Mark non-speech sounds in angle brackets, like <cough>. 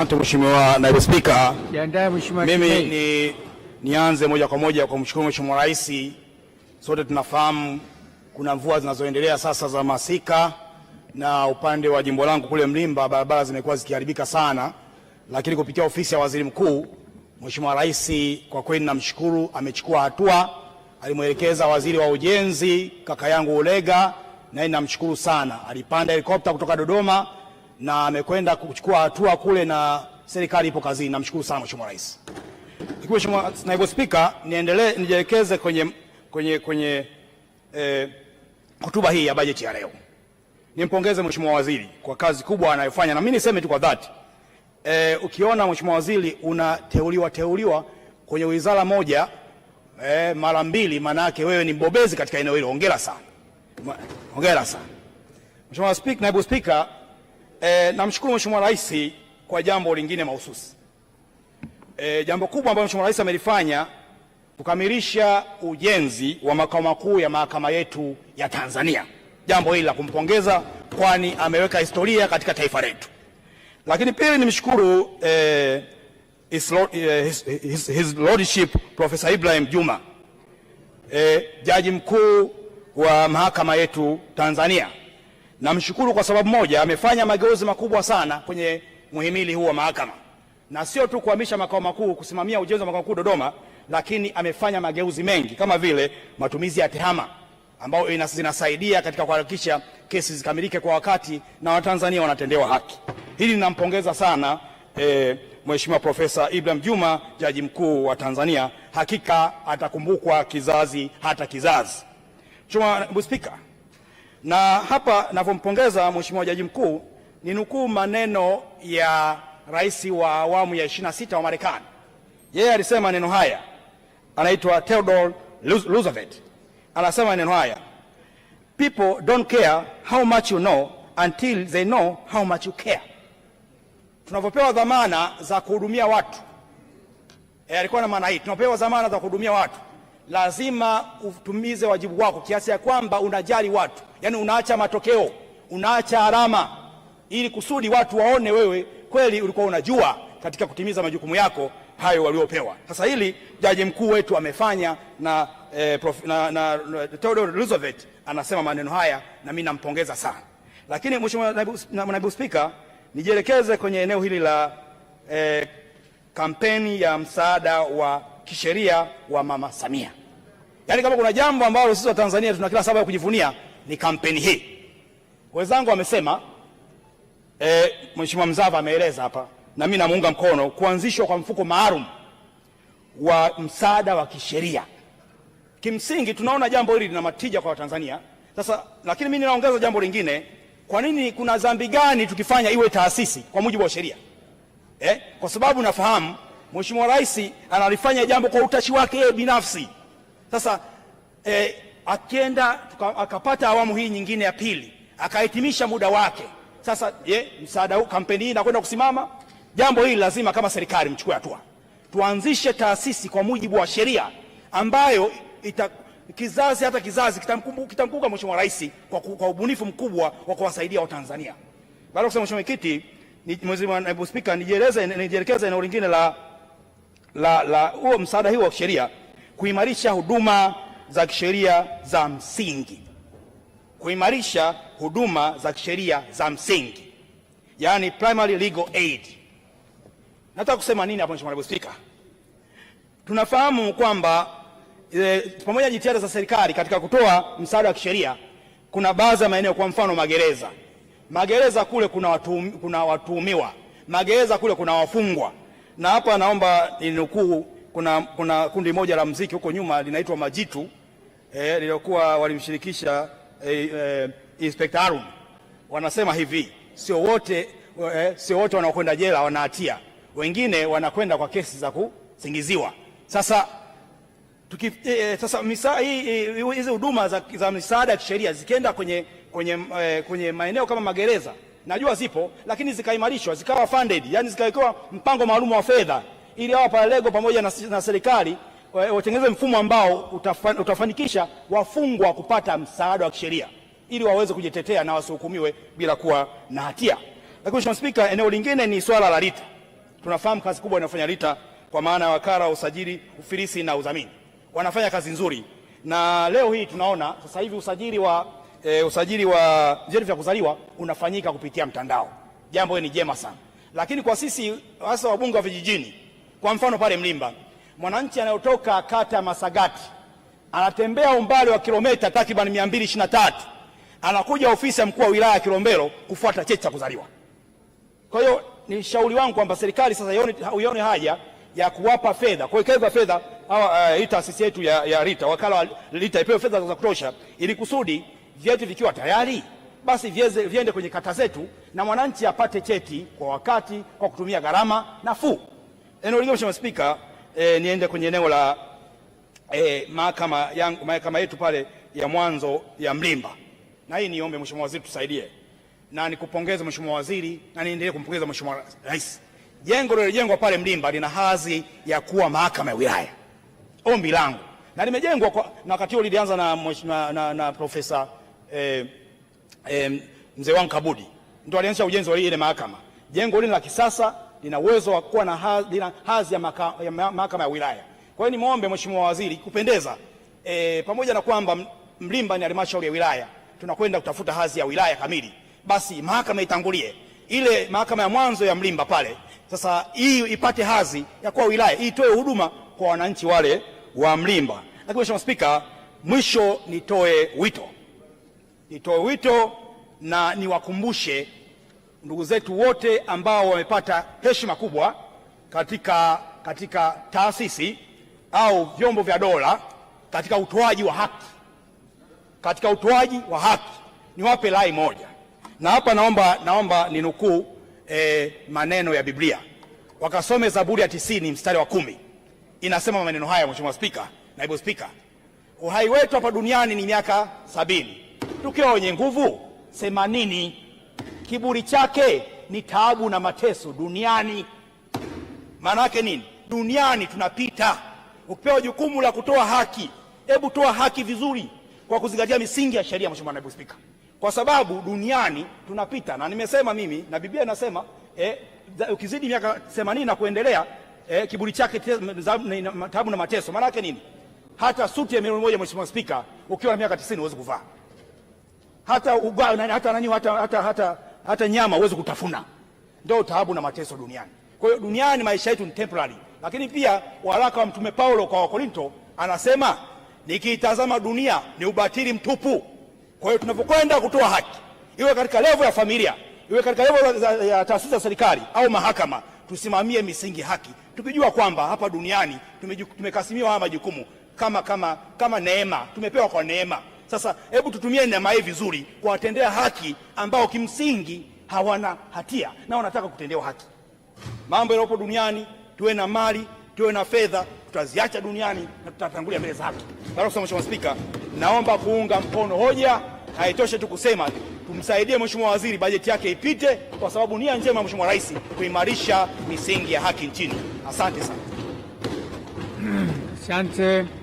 Asante Mheshimiwa Naibu Spika. Mimi ni, nianze moja kwa moja kwa mshukuru Mheshimiwa Rais. Sote tunafahamu kuna mvua zinazoendelea sasa za masika, na upande wa jimbo langu kule Mlimba barabara zimekuwa zikiharibika sana, lakini kupitia ofisi ya Waziri Mkuu Mheshimiwa Rais, kwa kweli namshukuru, amechukua hatua, alimwelekeza waziri wa ujenzi kaka yangu Ulega, naye namshukuru sana, alipanda helikopta kutoka Dodoma na amekwenda kuchukua hatua kule na serikali ipo kazini. Namshukuru sana Mheshimiwa Rais. Mheshimiwa Naibu Spika, niendelee nijielekeze kwenye, kwenye, kwenye eh, hotuba hii ya bajeti ya leo. Nimpongeze Mheshimiwa Waziri kwa kazi kubwa anayofanya, na mimi niseme tu kwa dhati e, ukiona Mheshimiwa Waziri unateuliwa teuliwa kwenye wizara moja e, mara mbili, maana yake wewe ni mbobezi katika eneo hilo. Hongera sana, hongera sana Mheshimiwa Naibu Spika. E, namshukuru Mheshimiwa Rais kwa jambo lingine mahususi. E, jambo kubwa ambalo Mheshimiwa Rais amelifanya kukamilisha ujenzi wa makao makuu ya mahakama yetu ya Tanzania. Jambo hili la kumpongeza, kwani ameweka historia katika taifa letu. Lakini pili nimshukuru eh, his, eh, his, his, his lordship Professor Ibrahim Juma e, jaji mkuu wa mahakama yetu Tanzania Namshukuru kwa sababu moja, amefanya mageuzi makubwa sana kwenye muhimili huu wa mahakama, na sio tu kuhamisha makao makuu, kusimamia ujenzi wa makao makuu Dodoma, lakini amefanya mageuzi mengi kama vile matumizi ya tehama ambayo zinasaidia katika kuhakikisha kesi zikamilike kwa wakati na Watanzania wanatendewa haki. Hili ninampongeza sana e, Mheshimiwa Profesa Ibrahim Juma, jaji mkuu wa Tanzania. Hakika atakumbukwa kizazi hata kizazi. Mheshimiwa Naibu Spika, na hapa navyompongeza Mheshimiwa Jaji Mkuu ni nukuu maneno ya rais wa awamu ya 26 wa Marekani. Yeye alisema maneno haya, anaitwa Theodore Roosevelt, anasema maneno haya, people don't care how much you know until they know how much you care. Tunavyopewa dhamana za kuhudumia watu e, alikuwa na maana hii, tunapewa dhamana za kuhudumia watu lazima utumize wajibu wako kiasi ya kwamba unajali watu, yaani unaacha matokeo, unaacha alama, ili kusudi watu waone wewe kweli ulikuwa unajua katika kutimiza majukumu yako hayo waliopewa. Sasa hili jaji mkuu wetu amefanya na, eh, prof, na, na, na Theodore Roosevelt anasema maneno haya na mimi nampongeza sana. Lakini Mheshimiwa Naibu, Naibu Spika, nijielekeze kwenye eneo hili la eh, kampeni ya msaada wa kisheria wa Mama Samia. Yaani kama kuna jambo ambalo sisi wa Tanzania tuna kila sababu ya kujivunia ni kampeni hii. Wenzangu wamesema eh, Mheshimiwa Mzava ameeleza hapa na mimi namuunga mkono kuanzishwa kwa mfuko maalum wa msaada wa kisheria. Kimsingi tunaona jambo hili lina matija kwa Watanzania. Sasa lakini mimi ninaongeza jambo lingine, kwa nini, kuna dhambi gani tukifanya iwe taasisi kwa mujibu wa sheria? Eh? Kwa sababu nafahamu Mheshimiwa Rais analifanya jambo kwa utashi wake yeye binafsi. Sasa eh, akienda akapata awamu hii nyingine ya pili akahitimisha muda wake. Sasa je, msaada huu, kampeni hii inakwenda kusimama? Jambo hili lazima kama serikali mchukue hatua, tuanzishe taasisi kwa mujibu wa sheria ambayo ita, kizazi hata kizazi kitamkumbuka Mheshimiwa Rais kwa, kwa ubunifu mkubwa wa kuwasaidia Watanzania. Baada ya kusema Mheshimiwa Mwenyekiti, Mheshimiwa Naibu Spika, nijieleze nijielekeze eneo lingine la huo la, la, msaada huu wa sheria kuimarisha huduma za kisheria za msingi, kuimarisha huduma za kisheria za msingi, yani primary legal aid. Nataka kusema nini hapo, Mheshimiwa Naibu Spika? Tunafahamu kwamba e, pamoja na jitihada za serikali katika kutoa msaada wa kisheria, kuna baadhi ya maeneo, kwa mfano magereza. Magereza kule kuna watu, kuna watuhumiwa magereza kule kuna wafungwa, na hapa naomba ninukuu kuna, kuna kundi moja la mziki huko nyuma linaitwa Majitu eh, liliokuwa walimshirikisha eh, eh, Inspector Arum. Wanasema hivi sio wote, eh, sio wote wanaokwenda jela wanahatia wengine wanakwenda kwa kesi za kusingiziwa. Sasa tuki, eh, eh sasa hizi huduma za, za misaada ya kisheria zikienda kwenye, kwenye, eh, kwenye maeneo kama magereza najua zipo, lakini zikaimarishwa zikawa funded, yani zikawekewa mpango maalum wa fedha ili hawa paralego pamoja na, na serikali watengeneze mfumo ambao utafan, utafanikisha wafungwa kupata msaada wa kisheria ili waweze kujitetea na wasihukumiwe bila kuwa na hatia. Lakini Mheshimiwa Spika, eneo lingine ni swala la RITA. Tunafahamu kazi kubwa inayofanya RITA kwa maana ya wakala wa usajili, ufilisi na udhamini. Wanafanya kazi nzuri, na leo hii tunaona sasa hivi usajili wa e, usajili wa vyeti vya kuzaliwa unafanyika kupitia mtandao. Jambo hili ni jema sana, lakini kwa sisi hasa wabunge wa vijijini kwa mfano pale Mlimba, mwananchi anayotoka kata ya Masagati anatembea umbali wa kilomita takriban 223 anakuja ofisi ya mkuu wa wilaya ya Kilombero kufuata cheti cha kuzaliwa. Kwa hiyo ni shauri wangu kwamba serikali sasa ione haja ya kuwapa fedha kwa ikaweka fedha hawa eh, hii taasisi yetu ya, ya RITA wakala wa RITA ipewe fedha za kutosha, ili kusudi vyeti vikiwa tayari basi viende kwenye kata zetu na mwananchi apate cheti kwa wakati kwa kutumia gharama nafuu. Eneo lingine Mheshimiwa Spika, e, niende kwenye eneo la e, mahakama yangu mahakama yetu pale ya mwanzo ya Mlimba, na hii niombe Mheshimiwa Waziri tusaidie, na nikupongeze Mheshimiwa Waziri na niendelee kumpongeza Mheshimiwa Rais. Jengo lililojengwa pale Mlimba lina hadhi ya kuwa mahakama ya wilaya. Ombi langu na limejengwa kwa, na wakati huo lilianza na, na, na, na Profesa eh, eh, mzee wangu Kabudi ndio alianza ujenzi wa ile mahakama. Jengo lile la kisasa lina uwezo wa kuwa na hadhi, lina hadhi ya mahakama ya wilaya. Kwa hiyo nimwombe mheshimiwa waziri kupendeza e, pamoja na kwamba Mlimba ni halmashauri ya wilaya, tunakwenda kutafuta hadhi ya wilaya kamili, basi mahakama itangulie ile mahakama ya mwanzo ya Mlimba pale. Sasa hii ipate hadhi ya kuwa wilaya, itoe huduma kwa wananchi wale wa Mlimba. Lakini mheshimiwa Spika, mwisho nitoe wito, nitoe wito na niwakumbushe ndugu zetu wote ambao wamepata heshima kubwa katika, katika taasisi au vyombo vya dola katika utoaji wa haki katika utoaji wa haki, niwape rai moja, na hapa naomba, naomba ninukuu eh, maneno ya Biblia, wakasome Zaburi ya tisini mstari wa kumi. Inasema maneno haya, Mheshimiwa Spika, Naibu Spika, uhai wetu hapa duniani ni miaka sabini, tukiwa wenye nguvu themanini kiburi chake ni taabu na mateso duniani. Maana yake nini? Duniani tunapita. Ukipewa jukumu la kutoa haki, hebu toa haki vizuri, kwa kuzingatia misingi ya sheria, Mheshimiwa Naibu Spika, kwa sababu duniani tunapita, na nimesema mimi na Biblia inasema eh, ukizidi miaka 80 na kuendelea eh, kiburi chake taabu na mateso. Maana yake nini? Hata suti ya milioni moja Mheshimiwa Spika, ukiwa na miaka tisini huwezi kuvaa hata ugwa, hata nani hata, hata, hata hata nyama huwezi kutafuna. Ndio taabu na mateso duniani. Kwa hiyo duniani maisha yetu ni temporary, lakini pia waraka wa Mtume Paulo kwa Wakorinto anasema nikiitazama dunia ni ubatili mtupu. Kwa hiyo tunapokwenda kutoa haki, iwe katika levo ya familia, iwe katika levo ya taasisi za serikali au mahakama, tusimamie misingi haki, tukijua kwamba hapa duniani tumekasimiwa haya majukumu kama, kama, kama neema tumepewa kwa neema. Sasa hebu tutumie neema hii vizuri kuwatendea haki ambao kimsingi hawana hatia na wanataka kutendewa haki. Mambo yaliyopo duniani, tuwe na mali, tuwe na fedha, tutaziacha duniani na tutatangulia mbele za haki. Mheshimiwa Spika, naomba kuunga mkono hoja. Haitoshe tu kusema tumsaidie Mheshimiwa Waziri bajeti yake ipite, kwa sababu nia njema Mheshimiwa Rais kuimarisha misingi ya haki nchini. Asante sana. <clears throat> Asante.